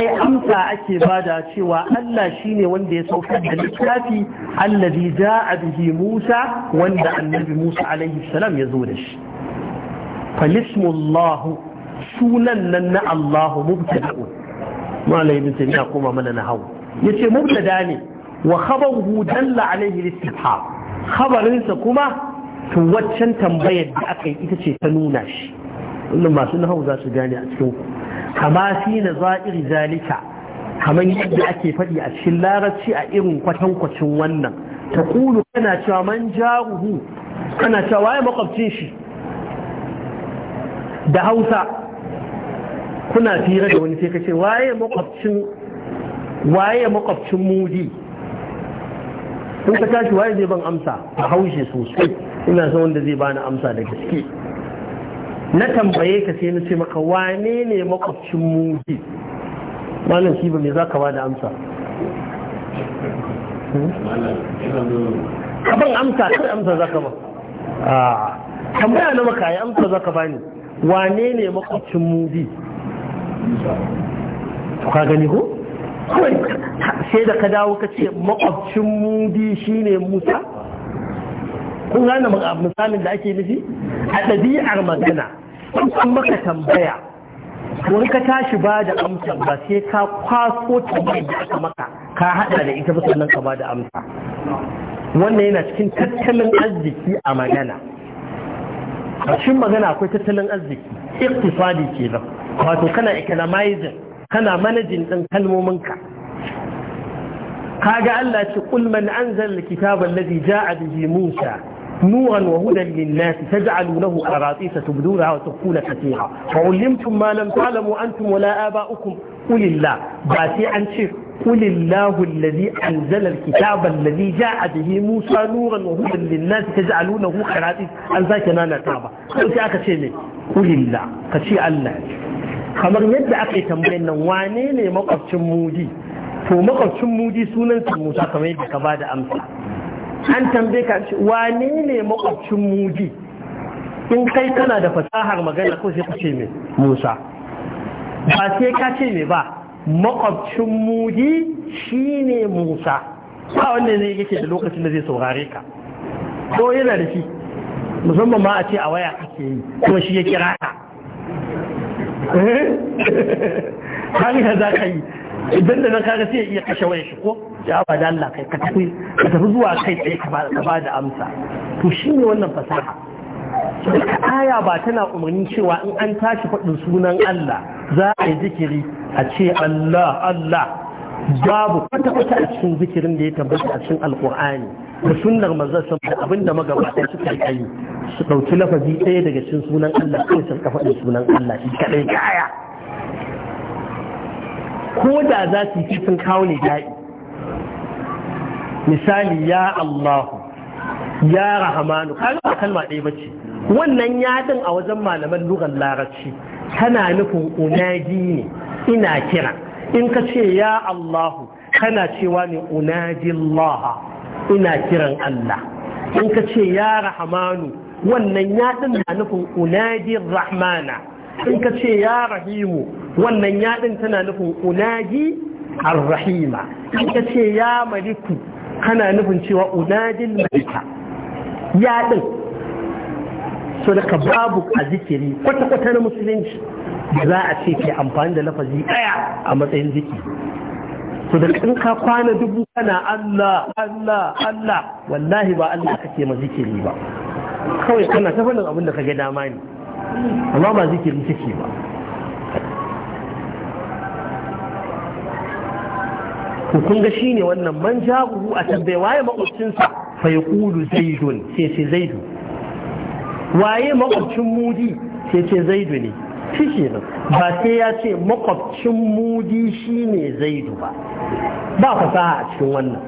ai amsa ake ba da cewa Allah shi ne wanda ya saukar da littafi allazi ja'a bihi Musa wanda annabi Musa alaihi salam ya zo da shi falismullahu sunan nan na Allahu mubtada'un malai ibn taymiya kuma mana na hawo yace mubtada ne wa hu dalla alayhi al-istihab kuma to waccan tambayar da aka yi ita ce ta nuna shi wannan masu hau za su gane a cikin ku kama fi na za'iri zalika kamar yadda ake faɗi a cikin larabci a irin kwatankwacin wannan ta kulu kana cewa man jaruhu kana cewa waye makwabcin shi da hausa kuna fira da wani sai ka ce waye makwabcin waye makwabcin mudi in ka tashi waye zai ban amsa a haushe sosai ina son wanda zai bani amsa da gaske na tambaye ka sai na ce maka wane ne makwabcin mudi malam shi ba me za ka bada amsa hmm? ka ban amsa kar amsa za ka ba tambaya na maka ya amsa za ka bani wane ne makwacin mubi ka gani ko sai da ka dawo ka ce makwacin shi ne musa kun gane misalin da ake nufi a ɗabi'ar magana kun maka tambaya wani ka tashi ba da amsa ba sai ka kwaso tambayar da aka maka ka hada da ita ba sannan ka ba da amsa wannan yana cikin tattalin arziki a magana a cikin magana akwai tattalin arziki iktisadi ke nan wato kana economizing kana manajin ɗin kalmominka kaga Allah ce kul man anzal kitaba ja a bihi Musa nuran wa hudan lin-nas taj'alunahu qaratisa tubdura wa tukhuna katira fa ulimtum ma lam ta'lamu antum wala aba'ukum qulillah ba sai an ce قل الله الذي أنزل الكتاب الذي جاء به موسى نورا وهدى للناس تجعلونه خراتيس أنزاك نانا تابا قلت أكا شيء قل الله كشي الله kamar yadda aka yi tambayar nan wane ne makwabcin mudi to makwabcin mudi sunan musa kamar yadda ka bada amsa an tambaye ka wane ne makwabcin mudi in kai kana da fasahar magana ko sai ka ce me musa ba sai ka ce me ba makwabcin mudi ne musa ba wanda ne yake da lokacin da zai saurare ka ko yana da shi musamman ma a ce a waya ake yi kuma shi ya kira ka hanyar eh? za ka yi idan da nan kaga sai iya kashe waya shi ko ya ba da Allah kai ka tafi zuwa kai tsaye ka ba da amsa to shi ne wannan fasaha aya ba tana umarnin cewa in an tashi faɗin sunan Allah za a yi zikiri a ce Allah Allah babu kwata kwata a cikin zikirin da ya tabbata a cikin alkur'ani da sunnar manzon sun da abinda magabata suka yi su ɗauki lafazi ɗaya daga cikin sunan Allah ko su kafa sunan Allah shi kadai kaya ko da za su yi sun kawo ne da'i misali ya Allah ya rahamanu kaga ba kalma ɗaya bace wannan yadin a wajen malaman lugar larabci tana nufin unaji ne ina kira in ka ce ya Allahu kana cewa ni unaji ina kiran Allah in ka ce ya Rahmanu wannan ya din na nufin unaji Rahmana in ka ce ya Rahimu wannan ya din tana nufin unaji ar in ka ce ya Maliku kana nufin cewa unajin Malika ya din so daga babu a zikiri kwata-kwata na musulunci da za a ce ke amfani da lafazi ɗaya a matsayin ziki. So da in ka kwana dubu kana Allah Allah Allah wallahi ba Allah kake ma zikiri ba kawai kana ta fannin abin da kage dama ne amma ba zikiri kake ba ku kun ga shine wannan man jahu a tabbai waye makwabcin sa fa yaqulu zaidun sai sai zaidu waye makwabcin mudi sai sai zaidu ne shi ke ba sai ya ce makwabcin mudi shi ne zaidu ba ba fasaha a cikin wannan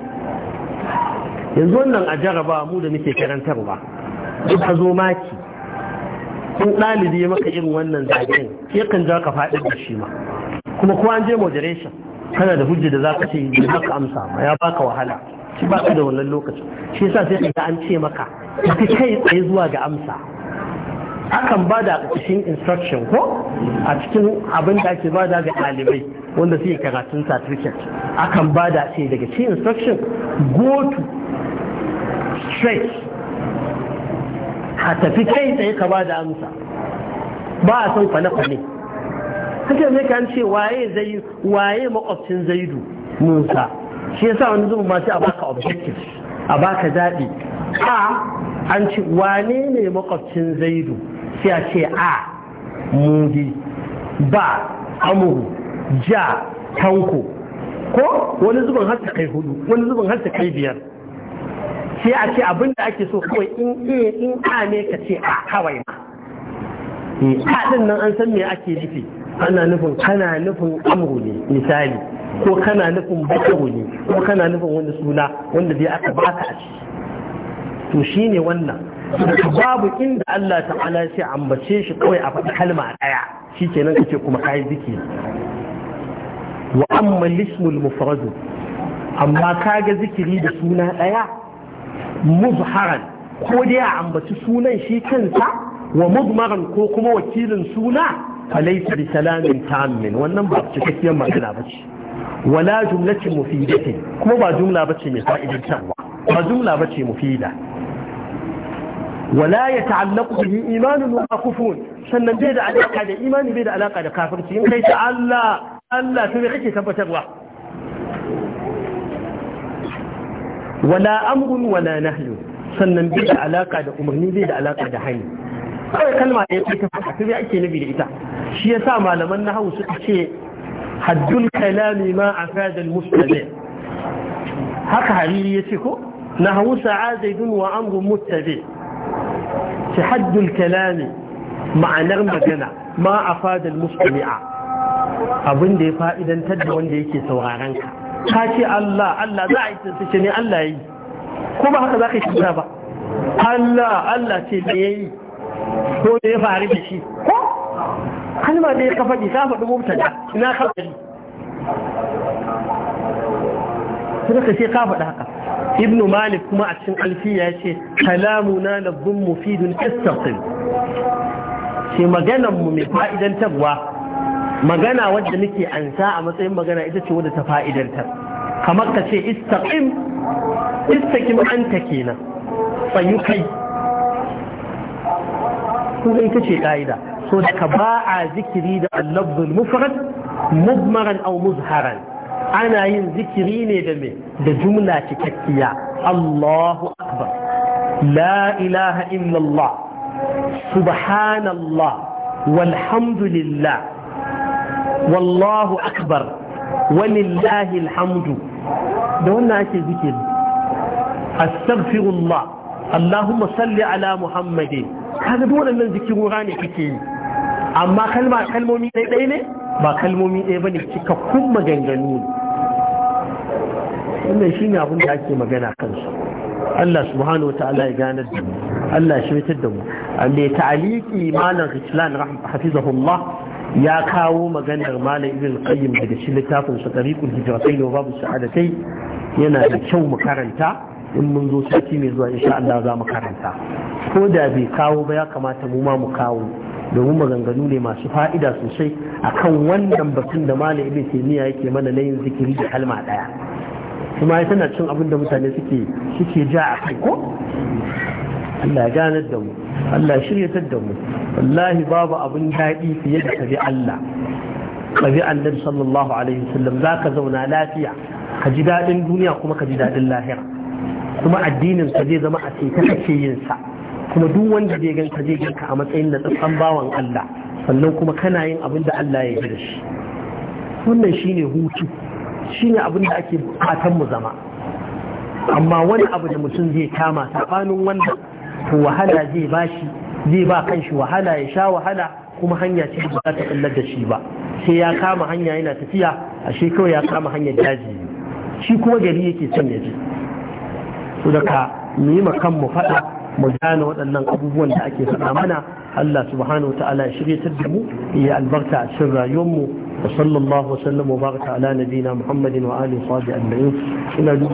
yanzu wannan a jaraba mu da muke karantarwa duk ka zo maki kun ɗalibi maka irin wannan zagen ke kan ja ka faɗi da shi ma kuma kuwa an je moderation kana da hujja da za ka ce yi maka amsa ma ya baka wahala shi ba da wannan lokacin shi yasa sai ka an ce maka ka kai tsaye zuwa ga amsa akan ba da cikin instruction ko a cikin abin da ake ba da ga ɗalibai wanda suke karatun certificate akan ba da ce daga cikin instruction go to straight ka tafi kai tsaye ka ba da amsa ba a son kwane-kwane kake mai kan ce waye zai waye makwabcin zaidu musa shi yasa wani zuba masu a baka objective a baka zaɓi a an ce wane ne makwabcin zaidu sai a ce a mudi ba amuru ja tanko ko wani zubin har ta kai hudu wani zubin har ta kai biyar sai a ce abinda ake so kawai in a eh, in a ne ka ce a kawai ma eh, a din nan an san me ake nufi ana nufin kana nufin amuru ne misali ko kana nufin bakaru ne ko kana nufin wani suna wanda zai aka baka a ciki to shi ne wannan babu inda Allah ta'ala sai ambace shi kawai a faɗi kalma ɗaya shi nan kace kuma kayi zikiri wa amma lismul mufradu amma kaga zikiri da suna ɗaya muzharan ko dai a ambaci sunan shi kansa wa muzmaran ko kuma wakilin suna falaisa bi salamin tammin wannan ba cikakkiyar magana ba ce wala jumlatin mufidatin kuma ba jumla ba ce mai fa'idantarwa ba jumla ba ce mufida wala ya ta'allaqu bihi imanun wa kufun, sannan bai da alaka da imani bai da alaka da kafirci in kai ta Allah Allah to me kake tabbatarwa wala amrun wala nahyu sannan bai da alaka da umarni bai da alaka da hani kawai kalma da yake ta to ya ake nabi da ita shi yasa malaman nahwu suka ce haddul kalami ma afada al mustadi haka hariri yace ko nahwu sa'adaidun wa amrun muttabi' ce haddul kalami ma'anar magana ma a fadar musulmi'a abin da ya fa'idantar da wanda yake sauraron ka ka ce Allah Allah za a yi tsantace ne Allah yi ko ba haka za ka yi ba Allah Allah ce da ko da ya shi ya ina haka ibnu malik kuma a cikin alfiya ya ce kalamuna labbun mufidun istaqim ce maganarmu mai fa'idantarwa magana wadda muke ansa a matsayin magana ita ce wadda ta fa'idantar kamar ka ce istaqim istaqim anta kenan tsayu kai kuma ita ce ƙa'ida? so da ka ba a zikiri da allabdul mufrad mubmaran au muzharan ana yin zikiri ne da me da jumla cikakkiya Allahu akbar la ilaha illallah subhanallah walhamdulillah wallahu akbar walillahi alhamdu da wannan ake zikiri astaghfirullah Allahumma salli ala Muhammadin kaga dole nan zikirin kake yi amma kalma kalmomi ɗaya ne ba kalmomi ɗaya ba ne cikakkun maganganu ne wannan shi ne abin da ake magana kansu Allah subhanahu wa ta'ala ya gane da mu Allah ya shirtar da mu mai ta'aliki malam Islam hafizahullah ya kawo maganar malam ibn qayyim daga shi littafin sa tariqul hijratain wa babu sa'adatai yana da kyau mu karanta in mun zo sati mai zuwa insha Allah za mu karanta ko da bai kawo ba ya kamata mu ma mu kawo domin maganganu ne masu fa'ida sosai A kan wannan batun da malam ibn taymiya yake mana na yin zikiri da kalma daya kuma ya tana cin abin da mutane suke suke ja a kai ko Allah ya ganar da mu Allah ya shiryatar da mu wallahi babu abin daɗi fiye da tabi Allah tabi Allah sallallahu alaihi wasallam zaka zauna lafiya ka ji daɗin duniya kuma ka ji daɗin lahira kuma addinin sa zai zama a ce kake yin sa kuma duk wanda zai ganka zai ganka a matsayin da tsatsan bawan Allah sannan kuma kana yin abin da Allah ya yi da shi wannan shine hutu shine abin da ake bukatan mu zama amma wani abu da mutum zai kama sabanin wanda to wahala zai bashi zai ba kanshi wahala ya sha wahala kuma hanya ce ba za ta kallar da shi ba sai ya kama hanya yana tafiya ashe kawai ya kama hanyar daji shi kuma gari yake son ya je su daga mu yi makan mu faɗa mu gane waɗannan abubuwan da ake faɗa mana Allah subhanahu ta'ala ya shirye ta mu ya albarka a cikin rayuwarmu wa sallallahu wa sallam wa baraka ala nabiyina Muhammadin wa alihi wa sahbihi ajma'in ina